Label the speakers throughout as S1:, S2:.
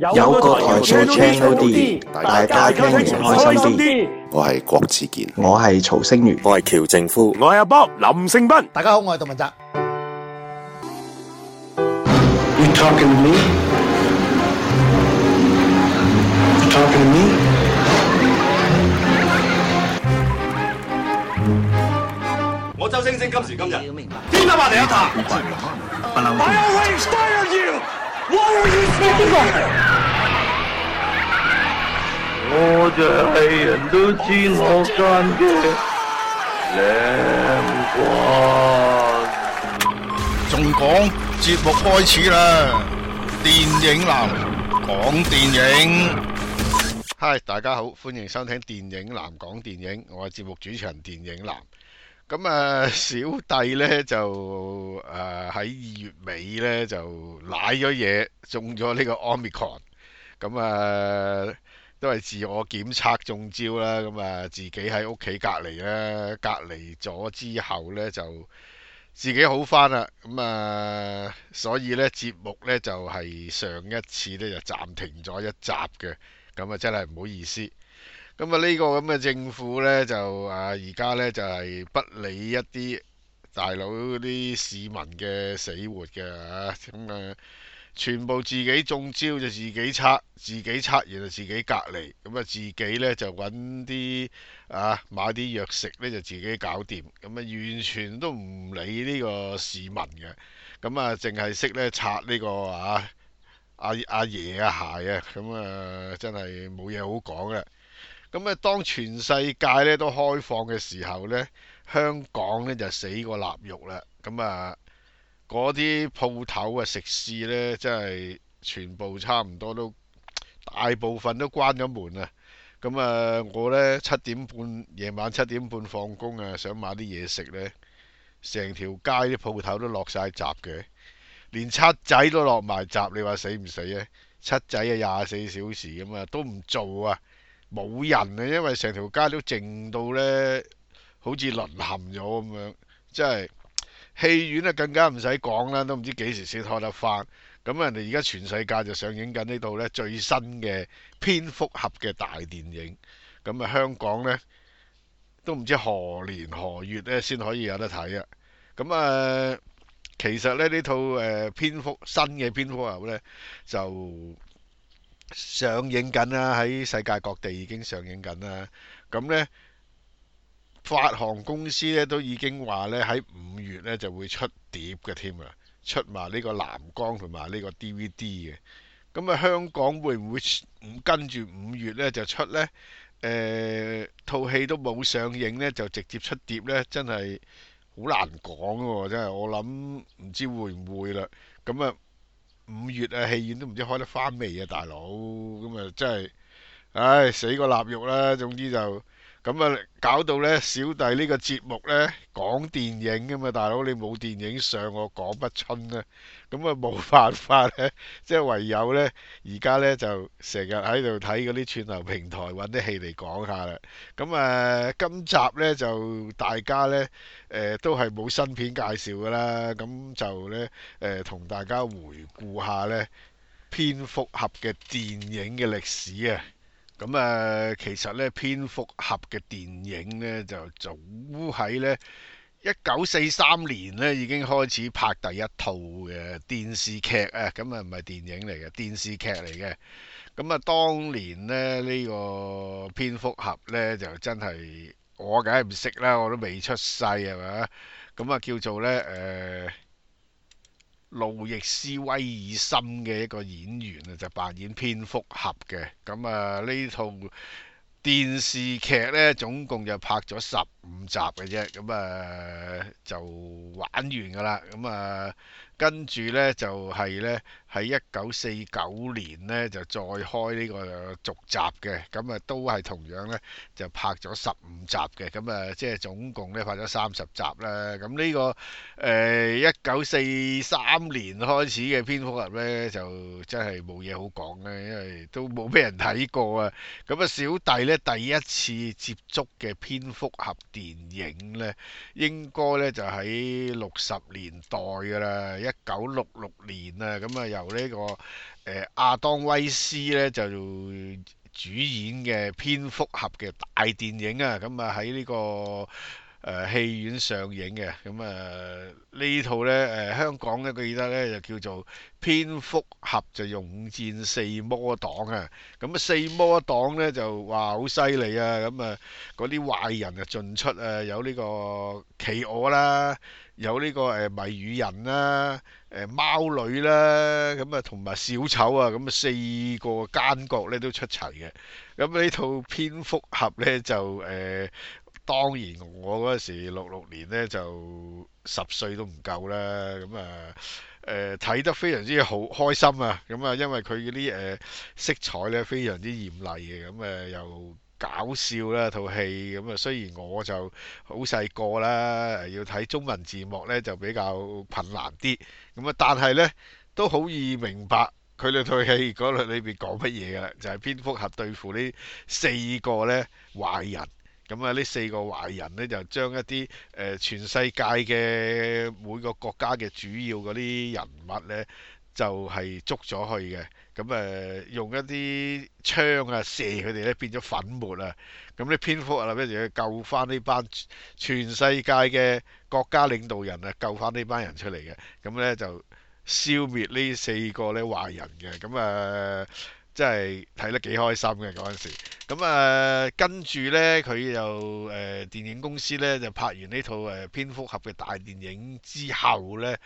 S1: 有個台 channel D 好啲，大家聽完開心啲。我係郭子健，我係曹星如，我係喬正夫，我係卜林盛斌。大家好，我係杜文澤。You talking to me? You talking to me？我周星星今時今日，點解話你有錯？I always fired you. 我在黑人都角落看嘅。陽仲講，節目開始啦，電影男講電影。嗨，大家好，歡迎收聽電影男講電影。我係節目主持人電影男。咁啊，小弟呢就誒喺二月尾呢就攋咗嘢，中咗呢個 Omicron 咁啊，都係自我檢測中招啦。咁啊，自己喺屋企隔離啦，隔離咗之後呢就自己好翻啦。咁啊，所以呢節目呢就係上一次呢就暫停咗一集嘅。咁啊，真係唔好意思。咁啊！呢個咁嘅政府呢，就啊而家呢，就係不理一啲大佬嗰啲市民嘅死活嘅咁啊，啊，全部自己中招就自己拆，自己拆完就自己隔離。咁啊，自己呢，就揾啲啊買啲藥食呢，就自己搞掂。咁啊，完全都唔理呢個市民嘅。咁啊，淨係識呢拆呢個啊阿阿、啊啊、爺啊，鞋啊！咁啊，啊，真係冇嘢好講嘅。咁啊，當全世界呢都開放嘅時候呢，香港呢就死過臘肉啦。咁啊，嗰啲鋪頭呀、食肆呢，真係全部差唔多都大部分都關咗門啊。咁啊，我呢七點半，夜晚七點半放工啊，想買啲嘢食呢，成條街啲鋪頭都落晒閘嘅，連七仔都落埋閘，你話死唔死啊？七仔啊，廿四小時咁啊，都唔做啊！冇人啊，因為成條街都靜到呢，好似淪陷咗咁樣。即係戲院啊，更加唔使講啦，都唔知幾時先開得返。咁人哋而家全世界就上映緊呢套呢最新嘅蝙蝠俠嘅大電影。咁啊，香港呢，都唔知何年何月呢，先可以有得睇啊。咁啊，其實呢呢套誒蝙蝠新嘅蝙蝠俠呢，就～上映緊啦，喺世界各地已經上映緊啦。咁呢發行公司呢都已經話呢，喺五月呢就會出碟嘅添啊，出埋呢個藍光同埋呢個 DVD 嘅。咁啊，香港會唔會唔跟住五月呢就出呢誒，套、呃、戲都冇上映呢，就直接出碟呢，真係好難講喎！真係，我諗唔知會唔會啦。咁啊～五月啊，戲院都唔知開得翻未啊，大佬咁啊，真係唉，死個臘肉啦，總之就～咁啊，搞到呢小弟呢個節目呢講電影噶嘛，大佬你冇電影上我講不親咧，咁啊冇辦法咧， 即係唯有呢而家呢，就成日喺度睇嗰啲串流平台揾啲戲嚟講下啦。咁啊，今集呢就大家呢，誒、呃、都係冇新片介紹噶啦，咁就呢，誒、呃、同大家回顧下呢蝙蝠俠嘅電影嘅歷史啊！咁啊，其實咧蝙蝠俠嘅電影咧就早喺咧一九四三年咧已經開始拍第一套嘅電視劇啊，咁啊唔係電影嚟嘅電視劇嚟嘅。咁啊，當年咧呢個蝙蝠俠咧就真係我梗係唔識啦，我都未出世係咪。咁啊叫做咧誒。呃路易斯威爾森嘅一個演員啊，就扮演蝙蝠俠嘅。咁、嗯、啊，呢套電視劇呢，總共就拍咗十五集嘅啫。咁、嗯、啊，就玩完㗎喇。咁、嗯、啊，跟住呢，就係、是、呢。喺一九四九年呢就再開呢個續集嘅，咁啊都係同樣咧就拍咗十五集嘅，咁啊即係總共咧拍咗三十集啦。咁呢個誒一九四三年開始嘅蝙蝠俠咧就真係冇嘢好講啦，因為都冇咩人睇過啊。咁啊小弟咧第一次接觸嘅蝙蝠俠電影咧應該咧就喺六十年代㗎啦，一九六六年啊，咁啊由呢、這個誒亞、呃、當威斯咧就主演嘅《蝙蝠俠》嘅大電影啊，咁啊喺呢個誒、呃、戲院上映嘅，咁、嗯、啊、呃、呢套咧誒香港咧記得咧就叫做《蝙蝠俠》就《勇戰四魔黨，啊、嗯四魔黨啊嗯》啊，咁啊四魔黨咧就哇好犀利啊，咁啊嗰啲壞人啊進出啊有呢個企鵝啦。有呢、這個誒謎、呃、語人啦、誒、呃、貓女啦，咁啊同埋小丑啊，咁啊四個奸角咧都出齊嘅。咁、啊、呢套蝙蝠俠咧就誒、呃，當然我嗰陣時六六年咧就十歲都唔夠啦。咁啊誒睇、呃、得非常之好開心啊。咁啊因為佢啲誒色彩咧非常之豔麗嘅，咁、啊、誒又，搞笑啦套戲咁啊，雖然我就好細個啦，要睇中文字幕呢就比較困難啲。咁啊，但係呢都好易明白佢哋套戲嗰裏裏邊講乜嘢噶啦，就係蝙蝠俠對付呢四個呢壞人。咁啊，呢四個壞人呢，就將一啲誒全世界嘅每個國家嘅主要嗰啲人物呢，就係捉咗去嘅。咁誒、嗯、用一啲槍啊射佢哋咧變咗粉末。啊！咁、嗯、啲蝙蝠啊，跟住救翻呢班全世界嘅國家領導人啊，救翻呢班人出嚟嘅。咁、嗯、咧就消滅呢四個咧壞人嘅。咁、嗯、誒、呃、真係睇得幾開心嘅嗰陣時。咁誒跟住咧，佢又誒電影公司咧就拍完呢套誒蝙蝠俠嘅大電影之後咧。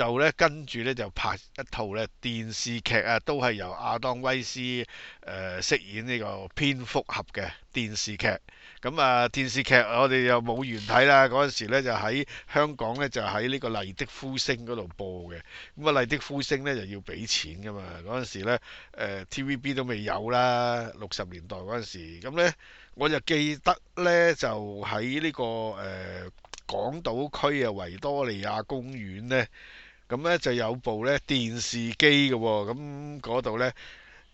S1: 就咧跟住咧就拍一套咧電視劇啊，都係由亞當威斯誒、呃、飾演呢個蝙蝠俠嘅電視劇。咁、嗯、啊電視劇我哋又冇緣睇啦，嗰陣時咧就喺香港咧就喺呢個《麗的呼聲》嗰度播嘅。咁啊《麗的呼聲》咧就要俾錢噶嘛，嗰陣時咧誒、呃、TVB 都未有啦，六十年代嗰陣時。咁、嗯、咧我就記得咧就喺呢、這個誒、呃、港島區啊維多利亞公園咧。咁咧就有部咧電視機嘅喎、哦，咁嗰度咧，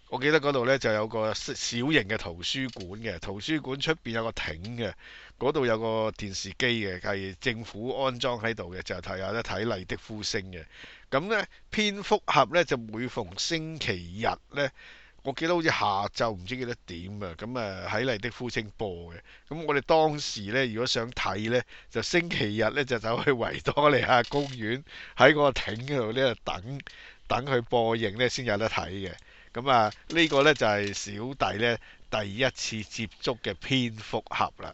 S1: 我記得嗰度咧就有個小型嘅圖書館嘅，圖書館出邊有個亭嘅，嗰度有個電視機嘅，係政府安裝喺度嘅，就睇、是、下得睇《麗的呼聲的》嘅。咁咧蝙蝠合咧就每逢星期日咧，我記得好似下晝唔知幾多點啊，咁啊喺麗的呼聲播嘅，咁我哋當時呢，如果想睇呢，就星期日呢，就走去維多利亞公園喺個艇嗰度呢度等，等佢播映呢，先有得睇嘅。咁啊呢個呢，就係小弟呢第一次接觸嘅蝙蝠俠啦。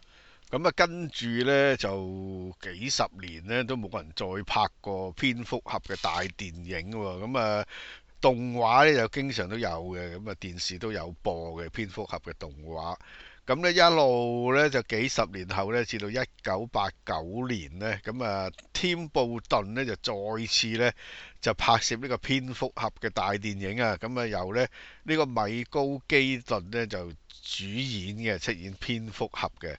S1: 咁啊跟住呢，就幾十年呢，都冇人再拍過蝙蝠俠嘅大電影喎。咁啊～動畫咧就經常都有嘅，咁啊電視都有播嘅蝙蝠俠嘅動畫，咁咧一路咧就幾十年後咧，至到一九八九年咧，咁啊添布頓咧就再次咧。就拍攝呢個蝙蝠俠嘅大電影啊，咁、嗯、啊由呢呢、呢個米高基頓呢，就主演嘅出演蝙蝠俠嘅。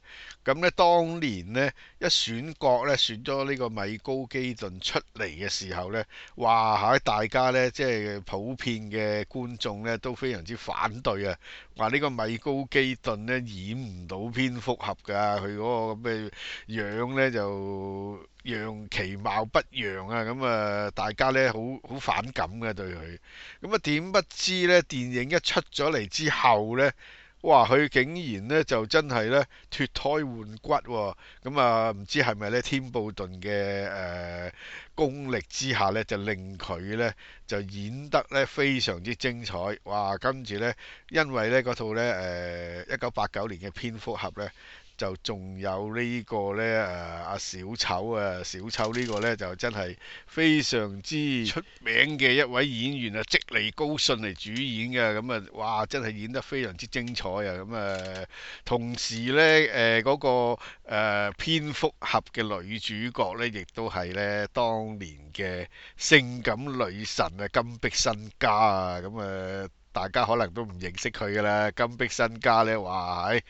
S1: 咁、嗯、呢當年呢，一選角呢，選咗呢個米高基頓出嚟嘅時候呢，哇大家呢，即係普遍嘅觀眾呢都非常之反對啊，話呢個米高基頓呢，演唔到蝙蝠俠㗎，佢嗰個咩樣呢就～樣其貌不揚啊！咁啊，大家咧好好反感嘅對佢。咁啊，點不知咧，電影一出咗嚟之後咧，哇！佢竟然咧就真係咧脫胎換骨喎。咁啊，唔知係咪咧天布頓嘅誒功力之下咧，就令佢咧就演得咧非常之精彩。哇！跟住咧，因為咧嗰套咧誒一九八九年嘅蝙蝠俠咧。就仲有呢個呢誒阿、啊、小丑啊，小丑呢個呢就真係非常之出名嘅一位演員啊，積尼高信嚟主演嘅，咁、嗯、啊，哇，真係演得非常之精彩啊，咁、嗯、啊，同時呢，誒、呃、嗰、那個、呃、蝙蝠俠嘅女主角呢，亦都係呢當年嘅性感女神啊，金碧新家啊，咁、嗯、啊、呃，大家可能都唔認識佢啦，金碧新家呢，哇係。哎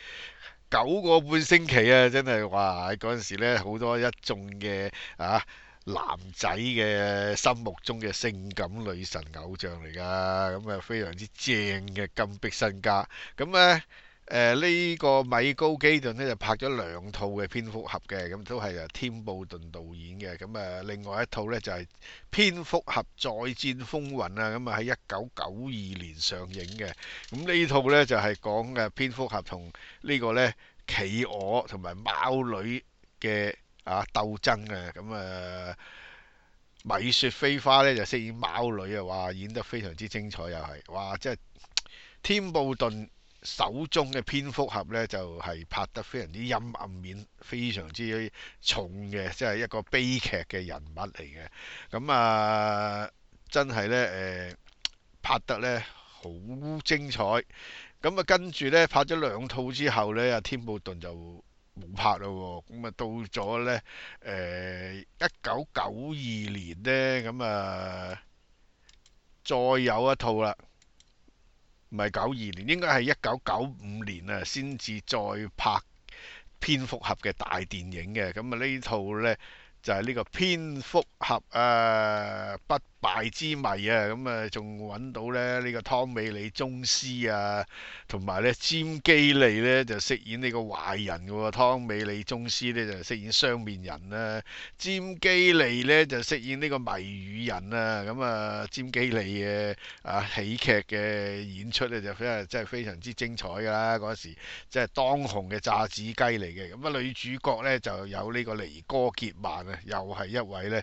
S1: 九個半星期啊，真係哇！喺嗰陣時咧，好多一眾嘅啊男仔嘅心目中嘅性感女神偶像嚟㗎，咁、嗯、啊非常之正嘅金碧辛嘉，咁、嗯、咧。啊誒呢、呃這個米高基頓呢，就拍咗兩套嘅《蝙蝠俠》嘅，咁都係由天布頓導演嘅。咁、嗯、啊，另外一套呢，就係、是《蝙蝠俠再戰風雲》啦、嗯，咁啊喺一九九二年上映嘅。咁、嗯、呢套呢，就係講誒《蝙蝠俠》同呢個呢企鵝同埋貓女嘅啊鬥爭嘅。咁、嗯、啊，米雪菲花呢，就飾演貓女啊，哇，演得非常之精彩又係，哇，即係天布頓。手中嘅蝙蝠俠呢，就係、是、拍得非常之陰暗面非常之重嘅，即係一個悲劇嘅人物嚟嘅。咁、嗯、啊，真係呢，誒、呃，拍得呢好精彩。咁、嗯、啊，跟住呢，拍咗兩套之後呢，阿添布頓就冇拍啦喎。咁、嗯、啊，到咗呢，誒一九九二年呢，咁、嗯、啊、嗯、再有一套啦。唔係九二年，應該係一九九五年啊，先至再拍蝙蝠俠嘅大電影嘅。咁啊，呢套咧就係、是、呢個蝙蝠俠啊不呃敗之謎啊！咁、嗯這個、啊，仲揾到咧呢個湯美李鍾斯啊，同埋咧詹基利咧就飾演個壞、啊、呢個壞人嘅喎。湯美李鍾斯咧就飾演雙面人啦、啊，詹基利咧就飾演呢個謎語人啊。咁、嗯、啊，詹基利嘅啊喜劇嘅演出咧就真係真係非常之精彩㗎啦、啊！嗰時即係當紅嘅炸子雞嚟嘅。咁、嗯、啊，女主角咧就有呢個妮歌潔曼啊，又係一位咧。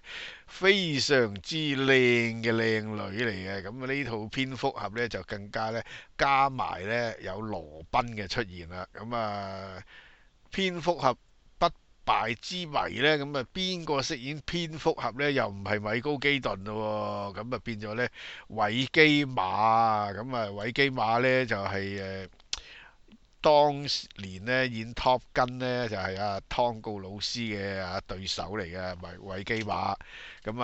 S1: 非常之靚嘅靚女嚟嘅，咁啊呢套蝙蝠俠呢，就更加呢加埋呢有羅賓嘅出現啦，咁啊蝙蝠俠不敗之謎呢，咁啊邊個飾演蝙蝠俠呢？又唔係米高基頓咯，咁啊變咗呢韋基馬啊，咁啊韋基馬呢，就係、是、誒。呃當年咧演 Top Gun 咧就係阿湯告老師嘅啊對手嚟嘅，唔係維基馬咁啊、嗯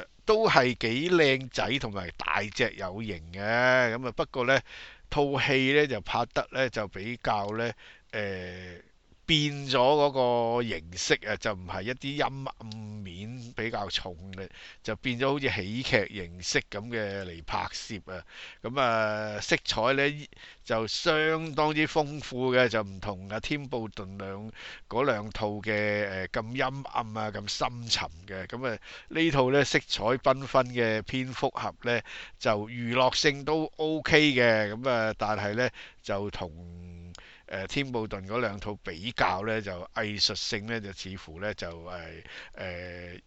S1: 呃，都係幾靚仔同埋大隻有型嘅，咁、嗯、啊不過咧套戲咧就拍得咧就比較咧誒、呃、變咗嗰個形式啊，就唔係一啲陰暗。較重力，就變咗好似喜劇形式咁嘅嚟拍攝啊，咁啊色彩呢，就相當之豐富嘅，就唔同啊，天布頓兩嗰兩套嘅誒咁陰暗啊，咁深沉嘅，咁啊呢套呢，色彩繽紛嘅蝙蝠俠呢，就娛樂性都 OK 嘅，咁啊但係呢，就同誒、呃、天布頓嗰兩套比較呢，就藝術性呢，就似乎呢，就誒誒。呃呃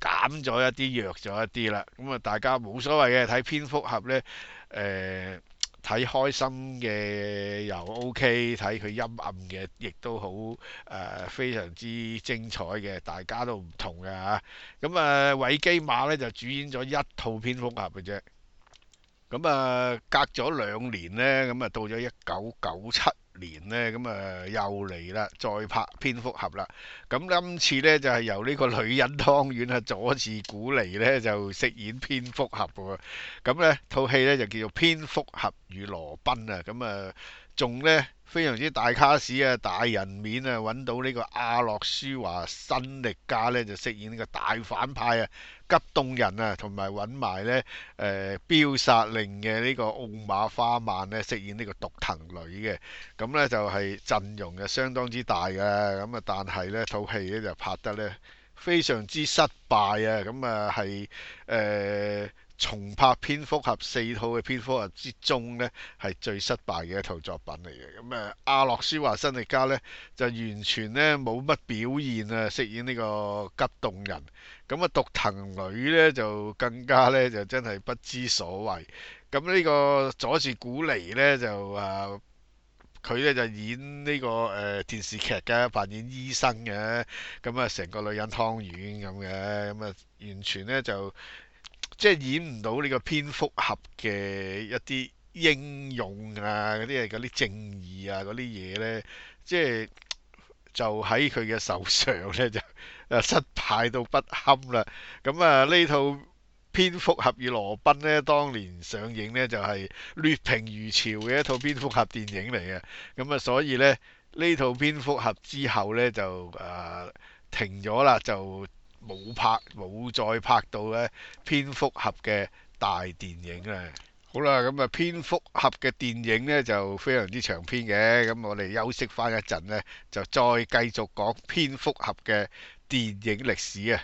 S1: 減咗一啲，弱咗一啲啦。咁啊，大家冇所謂嘅，睇蝙蝠俠呢，誒、呃、睇開心嘅又 OK，睇佢陰暗嘅亦都好誒、呃，非常之精彩嘅，大家都唔同嘅嚇。咁啊，韋、啊、基馬呢就主演咗一套蝙蝠俠嘅啫。咁啊，隔咗兩年呢，咁啊到咗一九九七。年咧，咁啊又嚟啦，再拍蝙蝠俠啦。咁今次咧，就係由呢個女人湯圓啊佐治古尼咧，就飾演蝙蝠俠喎。咁咧套戲咧，就叫做《蝙蝠俠與羅賓》啊。咁啊仲咧。非常之大卡士啊，大人面啊，揾到呢個阿諾舒華新力加呢，就飾演呢個大反派啊，急凍人啊，同埋揾埋呢誒、呃、標殺令嘅呢個奧馬花曼呢，飾演呢個毒藤女嘅，咁呢就係、是、陣容就相當之大嘅，咁啊但係呢套戲呢，就拍得呢非常之失敗啊，咁啊係誒。重拍蝙蝠俠四套嘅蝙蝠俠之中呢，係最失敗嘅一套作品嚟嘅。咁誒，阿諾舒華辛力加呢，就完全呢冇乜表現啊，飾演呢個急凍人。咁啊，毒藤女呢，就更加呢，就真係不知所謂。咁呢個佐治古尼呢，就誒，佢、啊、呢，就演呢、呢個誒、呃、電視劇嘅，扮演醫生嘅。咁啊，成個女人湯圓咁嘅，咁啊完全呢就～即係演唔到呢個蝙蝠俠嘅一啲英勇啊，嗰啲啊啲正義啊嗰啲嘢呢，即係就喺佢嘅手上呢，就失敗到不堪啦。咁啊呢套蝙蝠俠與羅賓呢，當年上映呢，就係、是、劣評如潮嘅一套蝙蝠俠電影嚟嘅。咁、嗯、啊所以呢，呢套蝙蝠俠之後呢，就誒、呃、停咗啦就。冇拍冇再拍到咧蝙蝠俠嘅大電影啦。好啦，咁啊蝙蝠俠嘅電影呢，就非常之長篇嘅。咁我哋休息翻一陣呢，就再繼續講蝙蝠俠嘅電影歷史啊。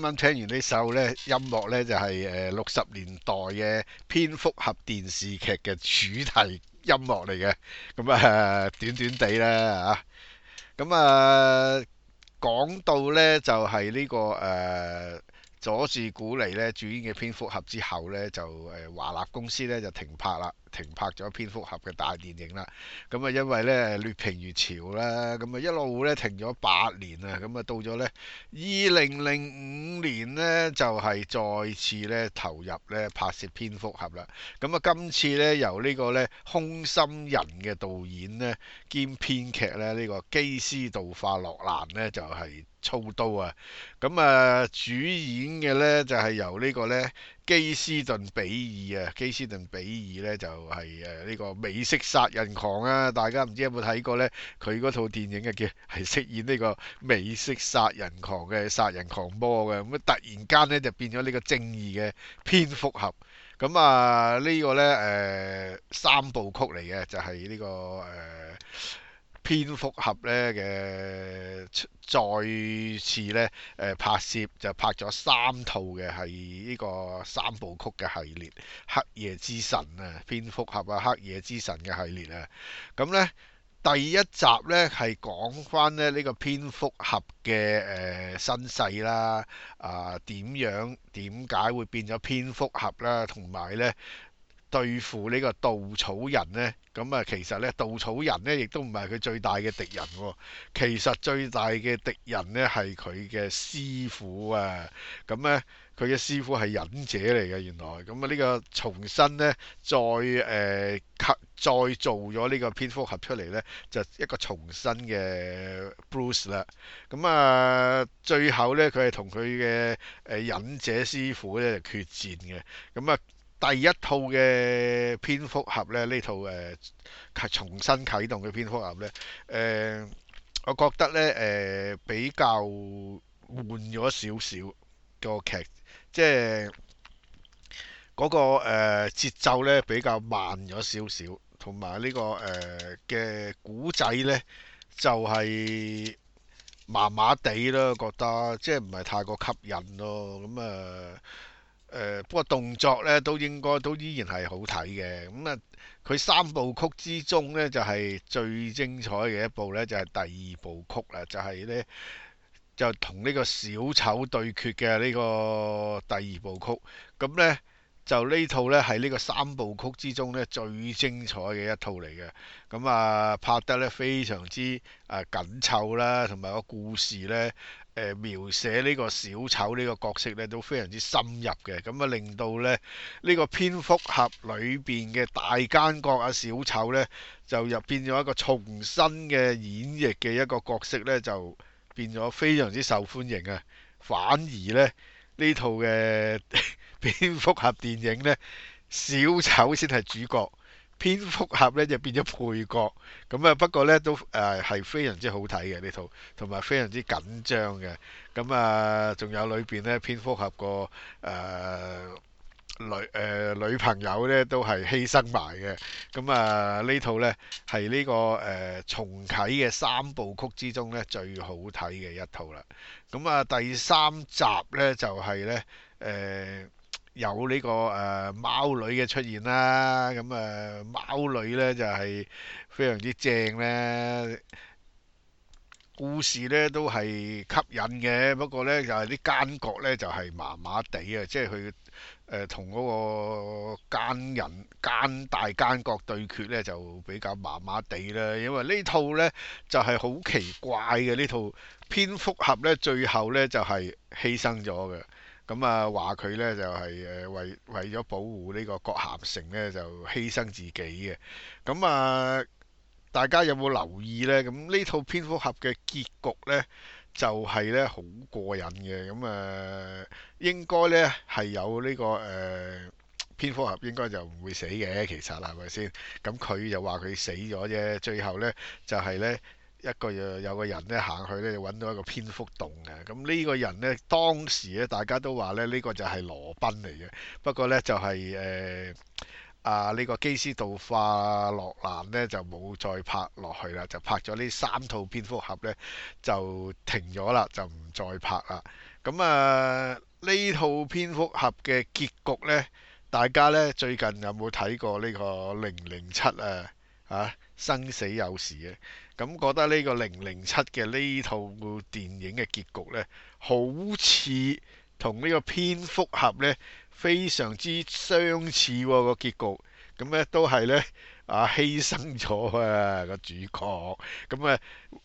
S1: 今晚聽完呢首咧音樂咧就係誒六十年代嘅蝙蝠俠電視劇嘅主題音樂嚟嘅，咁、嗯、啊、呃、短短地咧嚇，咁啊講到咧就係呢、這個誒佐治古尼咧主演嘅蝙蝠俠之後咧就誒華納公司咧就停拍啦。停拍咗蝙蝠俠嘅大電影啦，咁啊因為咧劣評如潮啦，咁啊一路咧停咗八年啊，咁啊到咗咧二零零五年咧就係再次咧投入咧拍攝蝙蝠俠啦，咁啊今次咧由呢個咧空心人嘅導演咧兼編劇咧呢個基斯道化洛蘭咧就係操刀啊，咁啊主演嘅咧就係由呢個咧。基斯頓比爾啊，基斯頓比爾呢就係誒呢個美式殺人狂啊！大家唔知有冇睇過呢？佢嗰套電影嘅叫係飾演呢個美式殺人狂嘅殺人狂魔嘅，咁突然間呢就變咗呢個正義嘅蝙蝠俠。咁啊呢個呢誒三部曲嚟嘅，就係呢個誒。蝙蝠俠咧嘅再次咧誒、呃、拍攝就拍咗三套，嘅係呢個三部曲嘅系列《黑夜之神》啊，蝙蝠俠啊《黑夜之神》嘅系列啊，咁咧第一集咧係講翻咧呢個蝙蝠俠嘅誒、呃、身世啦，啊、呃、點樣點解會變咗蝙蝠俠啦，同埋咧。對付呢個稻草人呢，咁、嗯、啊，其實呢，稻草人呢亦都唔係佢最大嘅敵人喎、哦。其實最大嘅敵人呢係佢嘅師傅啊。咁、嗯、呢，佢嘅師傅係忍者嚟嘅。原來咁啊，呢、嗯這個重新呢，再誒刻、呃、再做咗呢個蝙蝠俠出嚟呢，就一個重新嘅 Bruce 啦。咁、嗯、啊、嗯，最後呢，佢係同佢嘅忍者師傅咧決戰嘅。咁、嗯、啊～、嗯第一套嘅蝙蝠俠咧，呢套誒重新啟動嘅蝙蝠俠呢，誒、呃呃，我覺得呢誒、呃、比較悶咗少少個劇，即係嗰、那個誒、呃、節奏呢比較慢咗少少，同埋呢個誒嘅古仔呢，就係麻麻地咯，覺得即係唔係太過吸引咯，咁、嗯、啊～、呃不過動作咧都應該都依然係好睇嘅，咁啊佢三部曲之中呢，就係最精彩嘅一部呢，就係第二部曲啦，就係呢，就同呢個小丑對決嘅呢個第二部曲，咁呢就呢套呢，係呢個三部曲之中呢最精彩嘅一套嚟嘅，咁啊拍得呢非常之啊緊湊啦，同埋個故事呢，呃、描寫呢個小丑呢個角色咧都非常之深入嘅，咁啊令到咧呢、呢個蝙蝠俠裏邊嘅大奸角啊小丑呢，就入變咗一個重新嘅演繹嘅一個角色呢，就變咗非常之受歡迎啊，反而咧呢套嘅 蝙蝠俠電影呢，小丑先係主角。蝙蝠俠咧就變咗配角，咁啊不過咧都誒係、呃、非常之好睇嘅呢套，同埋非常之緊張嘅。咁啊仲有裏邊咧蝙蝠俠個誒、呃、女誒、呃、女朋友咧都係犧牲埋嘅。咁啊、呃、呢套咧係呢個誒、呃、重啟嘅三部曲之中咧最好睇嘅一套啦。咁啊、呃、第三集咧就係咧誒。呃有呢、這個誒、呃、貓女嘅出現啦，咁、嗯、誒、呃、貓女呢就係、是、非常之正咧，故事呢都係吸引嘅，不過呢，就係、是、啲奸角呢就係麻麻地啊，即係佢誒同嗰個奸人奸大奸角對決呢就比較麻麻地啦，因為呢套呢就係、是、好奇怪嘅呢套蝙蝠俠呢最後呢就係、是、犧牲咗嘅。咁啊，話佢呢就係誒為為咗保護呢個葛咸城呢，就犧牲自己嘅。咁啊，大家有冇留意呢？咁呢套蝙蝠俠嘅結局呢，就係呢好過癮嘅。咁啊，應該呢係有呢個誒蝙蝠俠應該就唔會死嘅，其實係咪先？咁佢就話佢死咗啫，最後呢，就係呢。一個有有個人咧行去咧揾到一個蝙蝠洞嘅，咁、嗯、呢、呢個人呢，當時咧大家都話咧呢、呢個就係羅賓嚟嘅，不過呢，就係、是、誒、呃、啊呢、呢個基斯道化洛蘭呢，就冇再拍落去啦，就拍咗呢三套蝙蝠俠呢，就停咗啦，就唔再拍啦。咁啊呢套蝙蝠俠嘅結局呢，大家呢最近有冇睇過呢個零零七啊？啊，生死有時啊，咁覺得呢個零零七嘅呢套電影嘅結局呢，好似同呢個蝙蝠俠呢非常之相似喎、啊個結局，咁、啊、呢都係呢啊犧牲咗啊、個主角，咁啊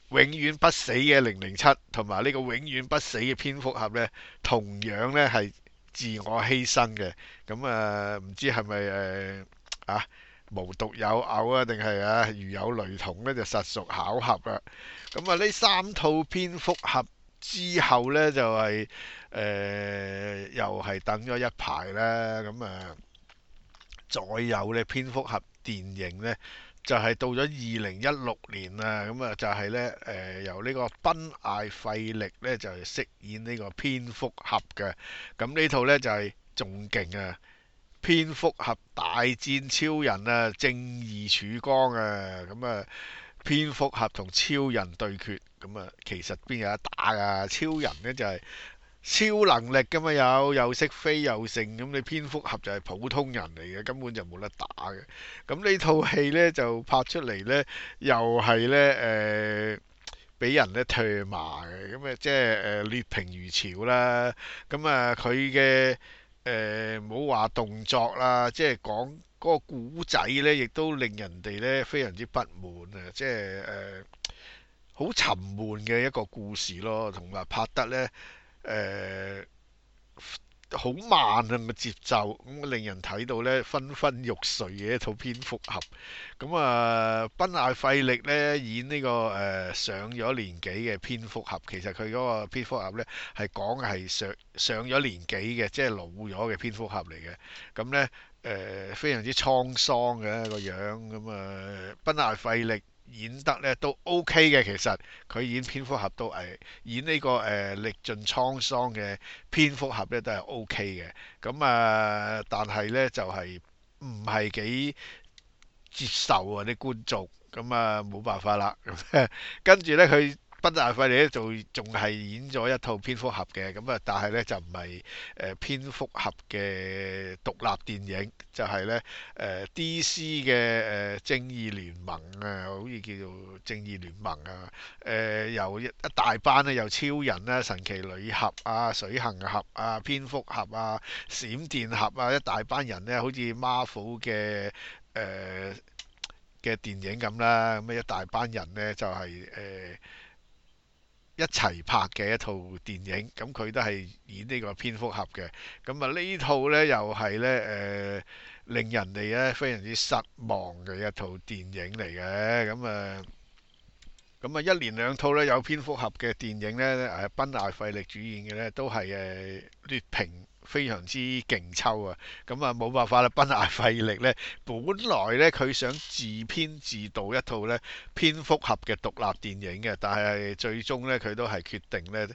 S1: 永遠不死嘅零零七同埋呢個永遠不死嘅蝙蝠俠呢，同樣呢係自我犧牲嘅，咁啊唔知係咪誒啊？無獨有偶啊，定係啊，如有雷同呢，就實屬巧合啦。咁啊，呢、嗯、三套蝙蝠俠之後呢，就係、是、誒、呃、又係等咗一排啦。咁、嗯、啊，再有咧蝙蝠俠電影呢，就係、是、到咗二零一六年啊。咁、嗯、啊，就係、是、呢誒、呃、由呢個賓艾費力呢，就係、飾演呢個蝙蝠俠嘅。咁、嗯、呢套呢，就係仲勁啊！蝙蝠俠大戰超人啊，正義曙光啊，咁、嗯、啊，蝙蝠俠同超人對決，咁、嗯、啊，其實邊有得打㗎？超人呢就係超能力㗎嘛，有又識飛又勝，咁、嗯、你蝙蝠俠就係普通人嚟嘅，根本就冇得打嘅。咁呢套戲呢，就拍出嚟呢，又係呢，誒、呃，俾人咧唾罵嘅，咁、嗯、啊，即係誒、呃、劣評如潮啦。咁、嗯、啊，佢、嗯、嘅。嗯誒冇話動作啦，即係講嗰個古仔呢，亦都令人哋呢非常之不滿啊！即係誒好沉悶嘅一個故事咯，同埋拍得呢。誒、呃。好慢啊個節奏，咁、嗯、令人睇到呢，昏昏欲睡嘅一套蝙蝠俠。咁、嗯、啊、呃，賓艾費力呢，演呢、這個誒、呃、上咗年紀嘅蝙蝠俠，其實佢嗰個蝙蝠俠呢，係講係上上咗年紀嘅，即係老咗嘅蝙蝠俠嚟嘅。咁、嗯、呢，誒、呃、非常之滄桑嘅個樣，咁、嗯、啊、呃、賓艾費力。演得咧都 OK 嘅，其實佢演蝙蝠俠都誒演呢、呢個誒歷盡滄桑嘅蝙蝠俠咧都係 OK 嘅。咁、嗯、啊、呃，但係咧就係唔係幾接受啊啲觀眾。咁啊冇辦法啦。咁， 跟住咧佢。不大費力咧，做仲係演咗一套蝙蝠俠嘅咁啊，但係呢就唔係誒蝙蝠俠嘅獨立電影，就係呢誒 D.C. 嘅誒正義聯盟啊，好似叫做正義聯盟啊，誒、呃、由一大班呢，由超人啦、神奇女俠啊、水行俠啊、蝙蝠俠啊、閃電俠啊，一大班人呢，好似 Marvel 嘅誒嘅、呃、電影咁啦，咁一大班人呢、就係，就係誒。一齊拍嘅一套電影，咁佢都係演呢個蝙蝠俠嘅。咁啊呢套呢，又係呢誒，令人哋咧非常之失望嘅一套電影嚟嘅。咁啊，咁啊一連兩套呢，有蝙蝠俠嘅電影呢，誒，賓艾費力主演嘅呢都係誒劣評。非常之勁抽啊！咁啊冇辦法啦，崩牙費力呢。本來呢，佢想自編自導一套呢蝙蝠俠嘅獨立電影嘅，但係最終呢，佢都係決定呢誒唔、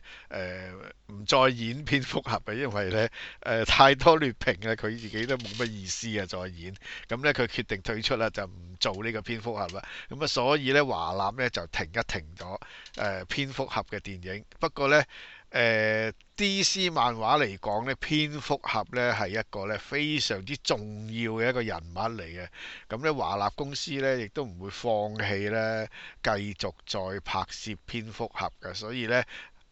S1: 呃、再演蝙蝠俠啊，因為呢誒、呃、太多劣評咧，佢自己都冇乜意思啊再演。咁、嗯、呢，佢決定退出啦，就唔做呢個蝙蝠俠啦。咁、嗯、啊，所以呢，華納呢就停一停咗、呃、蝙蝠俠嘅電影。不過呢，誒、呃、DC 漫畫嚟講咧，蝙蝠俠咧係一個咧非常之重要嘅一個人物嚟嘅。咁咧華納公司咧亦都唔會放棄咧，繼續再拍攝蝙蝠俠嘅。所以咧。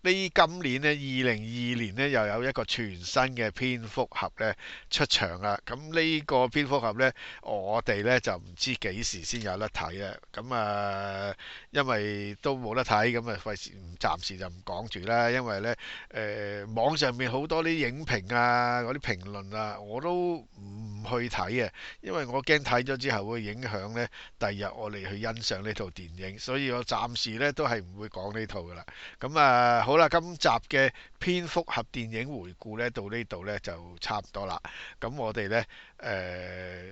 S1: 呢今年呢，二零二二年呢，又有一個全新嘅蝙蝠俠呢出場啦。咁呢個蝙蝠俠呢，我哋呢就唔知幾時先有得睇啊。咁啊，因為都冇得睇，咁啊費事，暫時就唔講住啦。因為呢，誒、呃、網上面好多啲影評啊，嗰啲評論啊，我都唔去睇啊。因為我驚睇咗之後會影響呢，第二日我哋去欣賞呢套電影，所以我暫時呢都係唔會講呢套噶啦。咁啊，好。好啦，今集嘅蝙蝠俠電影回顧呢，到呢度呢，就差唔多啦。咁我哋呢，誒、呃、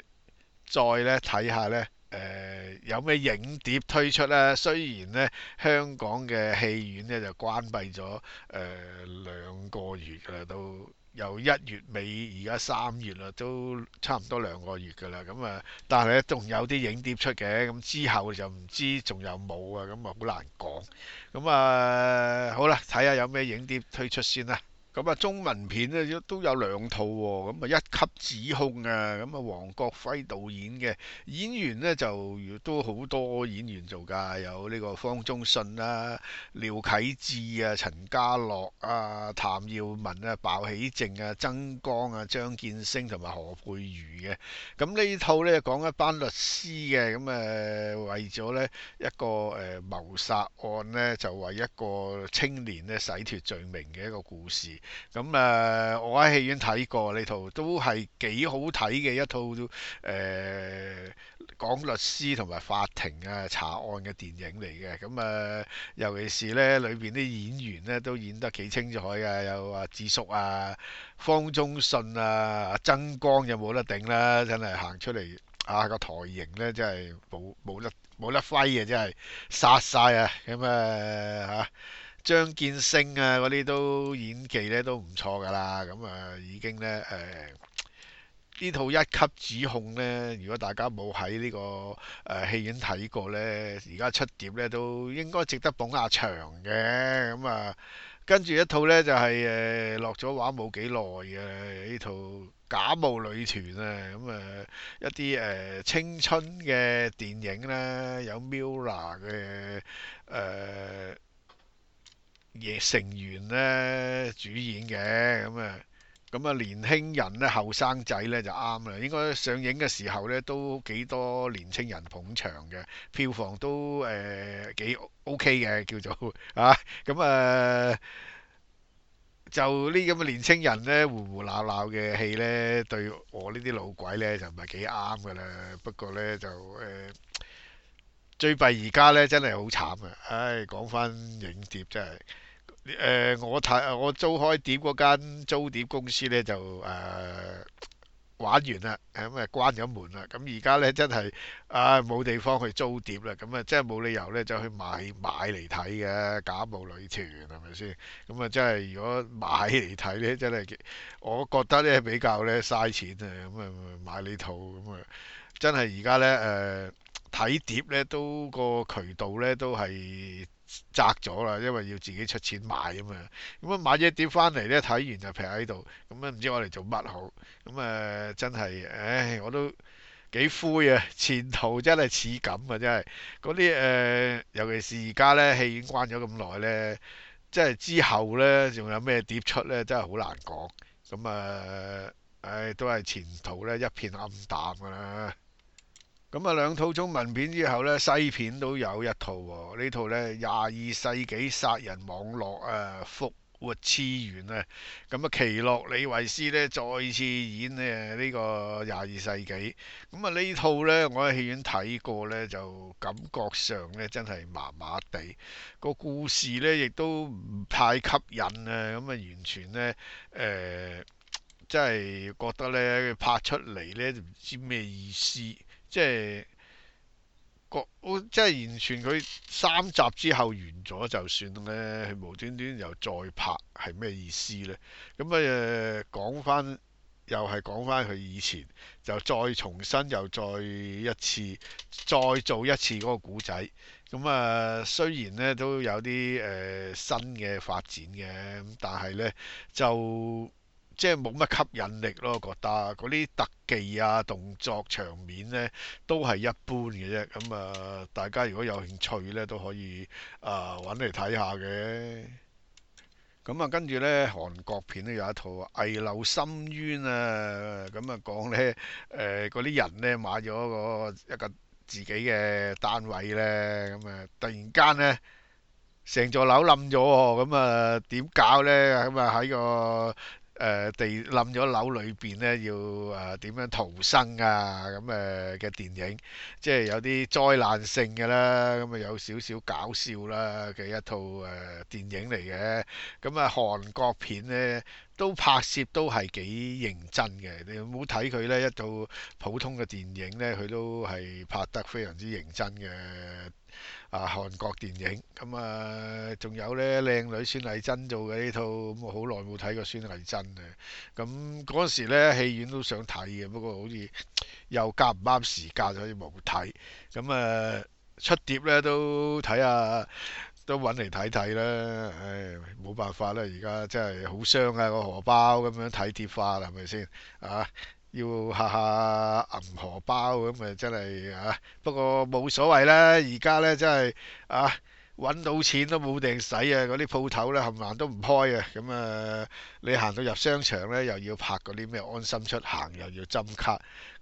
S1: 再呢睇下呢，誒、呃、有咩影碟推出呢？雖然呢，香港嘅戲院呢，就關閉咗誒、呃、兩個月啦都。1> 由一月尾而家三月啦，都差唔多兩個月㗎啦。咁、嗯、啊，但係咧仲有啲影碟出嘅。咁、嗯、之後就唔知仲有冇啊。咁、嗯、啊，好難講。咁、嗯、啊、嗯，好啦，睇下有咩影碟推出先啦。咁啊，中文片咧都有兩套咁啊，一級指控啊，咁啊，黃國輝導演嘅演員咧就都好多演員做㗎，有呢個方中信啦、廖啟智啊、陳家樂啊、譚耀文啊、鮑起靜啊、曾江啊、張建聲同埋何佩瑜嘅。咁呢套咧講一班律師嘅，咁誒為咗咧一個誒謀殺案咧，就為一個青年咧洗脫罪名嘅一個故事。咁誒、嗯，我喺戲院睇過呢套，套，都係幾好睇嘅一套誒，講律師同埋法庭啊查案嘅電影嚟嘅。咁、嗯、誒、呃，尤其是呢裏邊啲演員呢，都演得幾精彩嘅，有阿智叔啊、方中信啊、阿曾江有冇得頂啦？真係行出嚟啊個台型呢真係冇冇得冇得揮殺、嗯、啊！真係殺晒啊！咁誒嚇。張建聲啊，嗰啲都演技咧都唔錯㗎啦，咁、嗯、啊已經咧誒呢、呃、套《一級指控》咧，如果大家冇喺、這個呃、呢個誒戲院睇過咧，而家出碟咧都應該值得捧下場嘅，咁啊跟住一套咧就係、是、誒、呃、落咗畫冇幾耐嘅呢套《假冒女團》啊、呃，咁啊一啲誒、呃、青春嘅電影咧，有 MIRROR 嘅誒。呃嘢成員咧主演嘅，咁啊，咁啊年輕人咧後生仔咧就啱啦。應該上映嘅時候咧都幾多年青人捧場嘅，票房都誒幾、呃、OK 嘅叫做啊。咁啊、呃、就呢咁嘅年青人咧胡胡鬧鬧嘅戲咧，對我呢啲老鬼咧就唔係幾啱噶啦。不過咧就誒、呃、最弊而家咧真係好慘啊！唉，講翻影碟真係～誒、呃、我睇我租開碟嗰間租碟公司咧就誒、呃、玩完啦，咁、嗯、啊關咗門啦。咁而家咧真係啊冇地方去租碟啦。咁、嗯、啊真係冇理由咧走去買買嚟睇嘅假冒女團係咪先？咁啊、嗯、真係如果買嚟睇咧真係，我覺得咧比較咧嘥錢啊。咁、嗯、啊買呢套咁啊、嗯，真係而家咧誒。呃睇碟咧都個渠道咧都係窄咗啦，因為要自己出錢買啊嘛。咁、嗯、啊買咗碟翻嚟咧睇完就平喺度，咁啊唔知我哋做乜好。咁、嗯、啊、呃、真係，唉我都幾灰啊，前途真係似咁啊，真係嗰啲誒，尤其是而家咧戲院關咗咁耐咧，即係之後咧仲有咩碟出咧，真係好難講。咁、嗯、啊、呃，唉都係前途咧一片暗淡㗎啦。咁啊，兩套中文片之後呢，西片都有一套喎。呢套呢，廿二世紀殺人網絡啊，復活次元啊。咁啊，奇洛李維斯呢，再次演誒呢個廿二世紀。咁啊，呢、這個啊、套呢，我喺戲院睇過呢，就感覺上呢，真係麻麻地個故事呢，亦都唔太吸引啊。咁、嗯、啊，完全呢，誒、呃，真係覺得呢，拍出嚟呢，就唔知咩意思。即係，個即係完全佢三集之後完咗就算咧，佢無端端又再拍係咩意思呢？咁誒、呃、講翻，又係講翻佢以前，就再重新又再一次，再做一次嗰個古仔。咁啊、呃，雖然呢都有啲誒、呃、新嘅發展嘅，咁但係呢就。即係冇乜吸引力咯，我覺得嗰啲特技啊、動作場面呢都係一般嘅啫。咁啊，大家如果有興趣呢，都可以啊揾嚟睇下嘅。咁啊，跟住啊呢韓國片呢，有一套《危樓深淵》啊，咁啊講呢誒嗰啲人呢，買咗個一個自己嘅單位呢。咁啊突然間呢成座樓冧咗喎，咁啊點搞呢？咁啊喺個～誒、呃、地冧咗樓裏邊咧，要誒點、呃、樣逃生啊？咁誒嘅電影，即係有啲災難性嘅啦。咁啊有少少搞笑啦嘅一套誒、呃、電影嚟嘅。咁啊韓國片咧都拍攝都係幾認真嘅。你唔好睇佢咧，一套普通嘅電影咧，佢都係拍得非常之認真嘅。啊，韓國電影咁啊，仲有咧靚女孫麗珍做嘅呢套，咁我好耐冇睇過孫麗珍啦。咁嗰陣時咧戲院都想睇嘅，不過好似又夾唔啱時間，所以冇睇。咁啊出碟咧都睇下，都揾嚟睇睇啦。唉、哎，冇辦法啦，而家真係好傷啊、那個荷包咁樣睇碟化啦，係咪先啊？要下下銀荷包咁啊，真係、就是、啊！不過冇所謂啦。而家呢真係啊，揾到錢都冇定使啊。嗰啲鋪頭呢，冚唪唥都唔開啊。咁、嗯、啊，你行到入商場呢，又要拍嗰啲咩安心出行，又要針卡。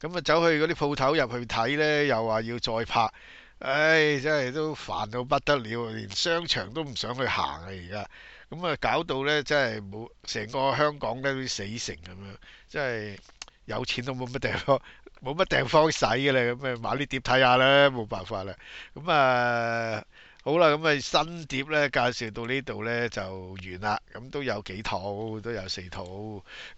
S1: 咁、嗯、啊，走去嗰啲鋪頭入去睇呢，又話要再拍。唉、哎，真係都煩到不得了，連商場都唔想去行啊！而家咁啊，搞到呢，真係冇成個香港呢都死城咁樣，真係。有錢都冇乜地方，冇乜地方使嘅咧，咁啊買啲碟睇下啦，冇辦法啦。咁啊好啦，咁啊新碟咧介紹到呢度咧就完啦。咁都有幾套，都有四套。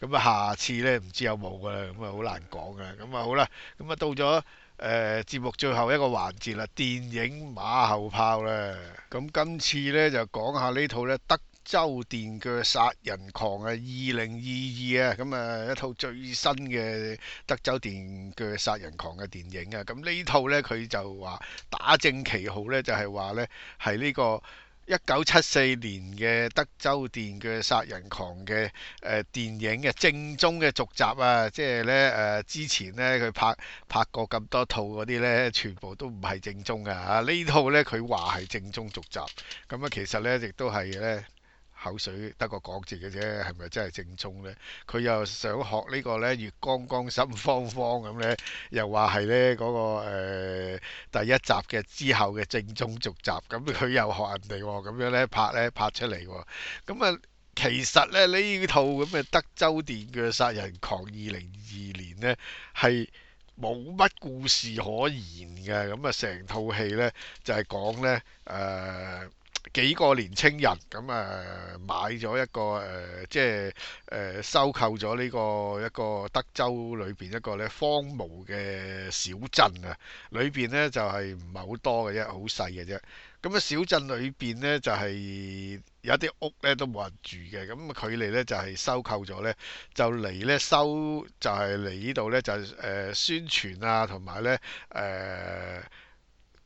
S1: 咁啊下次咧唔知有冇噶啦，咁啊好難講噶啦。咁啊好啦，咁啊到咗誒節目最後一個環節啦，電影馬後炮啦。咁今次咧就講下套呢套咧德。德州電鋸殺人狂啊！二零二二啊，咁、嗯、啊一套最新嘅德州電鋸殺人狂嘅電影啊。咁、嗯、呢套呢，佢就話打正旗號呢，就係、是、話呢係呢個一九七四年嘅德州電鋸殺人狂嘅誒、呃、電影嘅正宗嘅續集啊。即係呢，誒、呃、之前呢，佢拍拍過咁多套嗰啲呢，全部都唔係正宗㗎啊。呢套呢，佢話係正宗續集，咁、嗯、啊其實呢，亦都係呢。口水得個講字嘅啫，係咪真係正宗呢？佢又想學呢個呢月光光心慌慌咁呢，又話係呢嗰個、呃、第一集嘅之後嘅正宗續集，咁佢又學人哋咁樣呢拍呢拍出嚟喎。咁啊，其實呢呢套咁嘅德州電鋸殺人狂二零二二年呢，係冇乜故事可言嘅，咁啊成套戲呢，就係、是、講呢。誒、呃。幾個年青人咁啊、嗯、買咗一個誒、呃，即係誒、呃、收購咗呢、這個一個德州裏邊一個咧荒蕪嘅小鎮啊！裏邊咧就係唔係好多嘅啫，好細嘅啫。咁啊，小鎮裏邊咧就係、是、有啲屋咧都冇人住嘅。咁佢哋咧就係、是、收購咗咧，就嚟咧收就係、是、嚟呢度咧就誒、是呃、宣傳啊，同埋咧誒。呃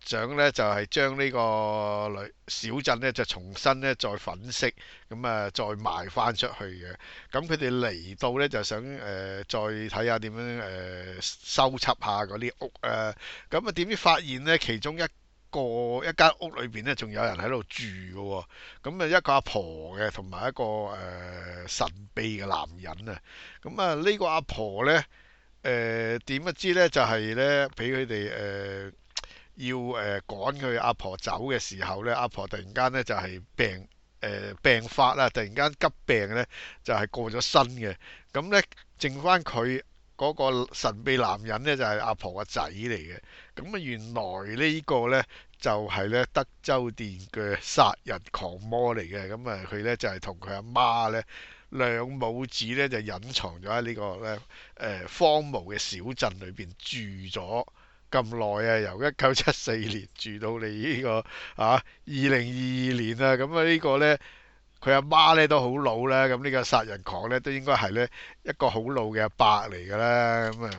S1: 想咧就係將呢個小鎮咧就重新咧再粉飾，咁、嗯、啊再賣翻出去嘅。咁佢哋嚟到咧就想誒、呃、再睇下點樣誒、呃、收葺下嗰啲屋啊。咁啊點知發現咧其中一個一間屋裏邊咧仲有人喺度住嘅。咁、嗯、啊一個阿婆嘅同埋一個誒、呃、神秘嘅男人啊。咁、嗯、啊、這個、呢個阿婆咧誒點不知咧就係咧俾佢哋誒。要誒趕佢阿婆走嘅時候呢，阿婆，婆突然間呢就係病誒、呃、病發啦，突然間急病呢就係過咗身嘅。咁呢，剩翻佢嗰個神秘男人呢，就係阿婆個仔嚟嘅。咁啊，原來呢個呢，就係呢德州電鋸殺人狂魔嚟嘅。咁啊，佢呢，就係同佢阿媽呢兩母子呢，就隱藏咗喺呢個呢誒、呃、荒蕪嘅小鎮裏邊住咗。咁耐啊，由一九七四年住到你呢、這個啊二零二二年啦、啊，咁啊呢個呢，佢阿媽呢都好老啦，咁、嗯、呢、這個殺人狂呢，都應該係呢一個好老嘅阿伯嚟㗎啦，咁、嗯、啊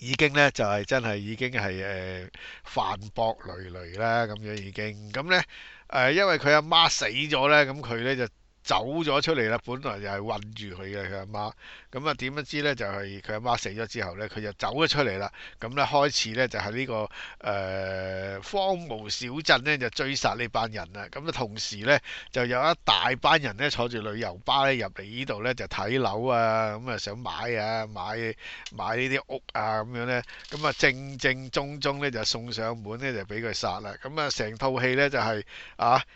S1: 已經呢，就係、是、真係已經係誒飯薄累累啦咁樣已經，咁、嗯嗯呃嗯、呢，誒因為佢阿媽死咗呢，咁佢呢就。走咗出嚟啦，本來就係困住佢嘅佢阿媽。咁啊點樣知呢？就係佢阿媽死咗之後呢，佢就走咗出嚟啦。咁、嗯、呢，開始呢、這個，就喺呢個誒荒蕪小鎮呢，就追殺呢班人啊。咁、嗯、啊同時呢，就有一大班人呢，坐住旅遊巴呢入嚟呢度呢，就睇樓啊，咁、嗯、啊想買啊買買呢啲屋啊咁樣呢，咁、嗯、啊正正宗宗呢，就送上門呢，就俾佢殺啦。咁啊成套戲呢，就係、是、啊～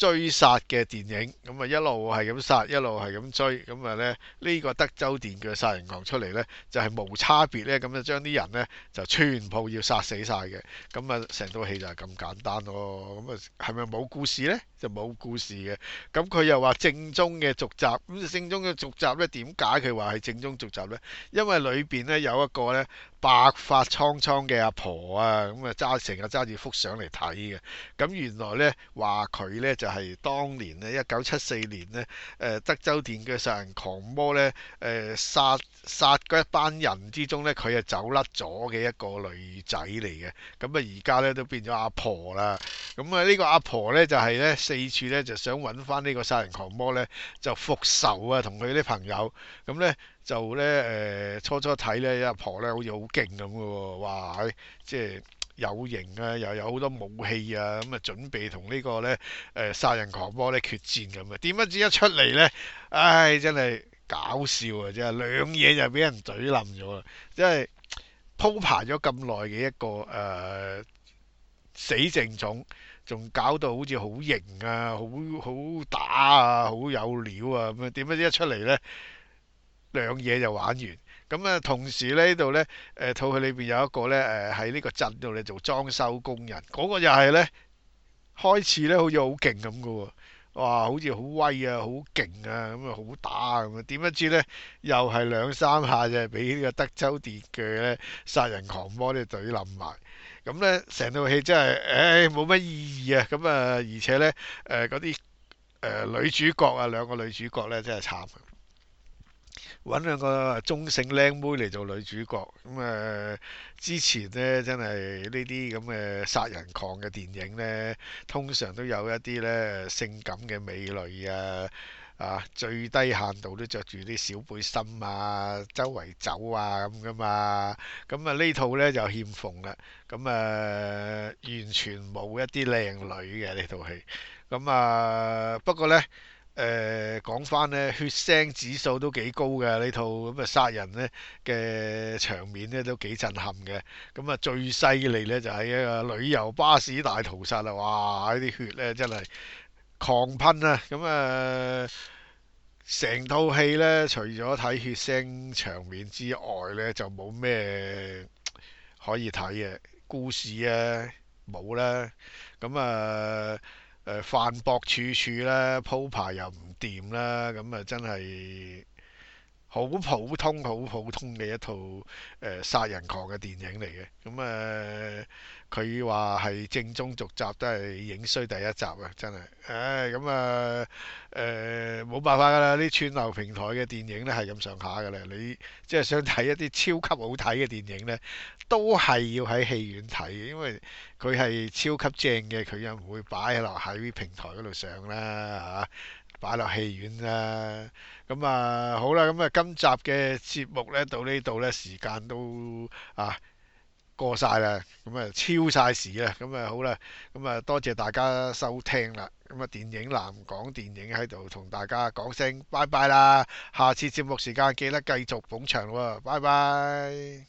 S1: 追殺嘅電影，咁啊一路係咁殺，一路係咁追，咁啊咧呢、呢個德州電鋸殺人狂出嚟咧，就係、係、無差別咧，咁就將啲人咧就全部要殺死晒嘅，咁啊成套戲就係咁簡單咯、哦，咁啊係咪冇故事咧？就冇故事嘅，咁佢又話正宗嘅續集，咁正宗嘅續集咧點解佢話係正宗續集咧？因為裏邊咧有一個咧白髮蒼蒼嘅阿婆啊，咁啊揸成日揸住幅相嚟睇嘅，咁原來咧話佢咧就係。係當年咧，一九七四年咧，誒德州電鋸嘅殺人狂魔咧，誒、呃、殺殺嗰一班人之中咧，佢啊走甩咗嘅一個女仔嚟嘅，咁啊而家咧都變咗阿婆啦，咁啊呢個阿婆咧就係、是、咧四處咧就想揾翻呢個殺人狂魔咧就復仇啊，同佢啲朋友，咁、嗯、咧就咧誒、呃、初初睇咧阿婆咧好似好勁咁嘅喎，哇，即、就、係、是、～有型啊，又有好多武器啊，咁、嗯、啊準備同呢個咧誒殺人狂魔咧決戰咁啊！點不知一出嚟咧，唉、哎，真係搞笑啊！真係兩嘢就俾人嘴冧咗喇！即係鋪排咗咁耐嘅一個誒、呃、死剩種，仲搞到好似好型啊，好好打啊，好有料啊咁啊！點不知一出嚟咧，兩嘢就玩完。咁啊，同時呢度呢誒套戲裏邊有一個呢誒喺呢個鎮度呢做裝修工人，嗰、那個又係呢開始呢，好似好勁咁嘅喎，哇，好似好威啊，好勁啊，咁啊好打啊，咁啊點樣知呢？又係兩三下就俾呢個德州電鋸呢殺人狂魔呢隊冧埋，咁呢成套戲真係，唉、哎，冇乜意義啊，咁啊，而且呢誒嗰啲誒女主角啊，兩個女主角呢，真係慘。揾兩個中性靚妹嚟做女主角，咁、嗯、誒之前呢，真係呢啲咁嘅殺人狂嘅電影呢，通常都有一啲呢性感嘅美女啊，啊最低限度都着住啲小背心啊、周圍走啊咁噶嘛，咁啊呢套呢就欠奉啦，咁、嗯、誒、嗯、完全冇一啲靚女嘅呢套戲，咁、嗯、啊、嗯、不過呢。誒講翻咧，血腥指數都幾高嘅呢套咁啊，殺人咧嘅場面咧都幾震撼嘅。咁、嗯、啊，最犀利咧就係、是、一個旅遊巴士大屠殺啦！哇，啲血咧真係狂噴啊！咁、嗯、啊，成、呃、套戲咧，除咗睇血腥場面之外咧，就冇咩可以睇嘅，故事咧、啊、冇啦，咁、嗯、啊～、呃誒、呃、犯駁處處啦，鋪排又唔掂啦，咁啊真係。好普通、好普通嘅一套誒、呃、殺人狂嘅電影嚟嘅，咁誒佢話係正宗續集都係影衰第一集啊，真係，唉、哎，咁啊誒冇辦法㗎啦，啲串流平台嘅電影咧係咁上下㗎啦，你即係想睇一啲超級好睇嘅電影咧，都係要喺戲院睇，因為佢係超級正嘅，佢又唔會擺喺嗱喺平台嗰度上啦，嚇。擺落戲院啦，咁、嗯、啊、嗯、好啦，咁、嗯、啊今集嘅節目呢，到呢度呢，時間都啊過晒啦，咁啊超晒時啦，咁啊、嗯嗯嗯、好啦，咁、嗯、啊多謝大家收聽啦，咁、嗯、啊電影男講電影喺度同大家講聲拜拜啦，下次節目時間記得繼續捧場喎，拜拜。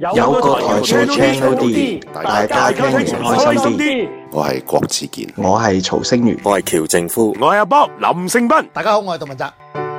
S1: 有，有個台做 Channel D 啲，大家聽完開心啲。我係郭子健，我係曹星如，我係喬正夫，我係 Bob 林盛斌。大家好，我係杜文澤。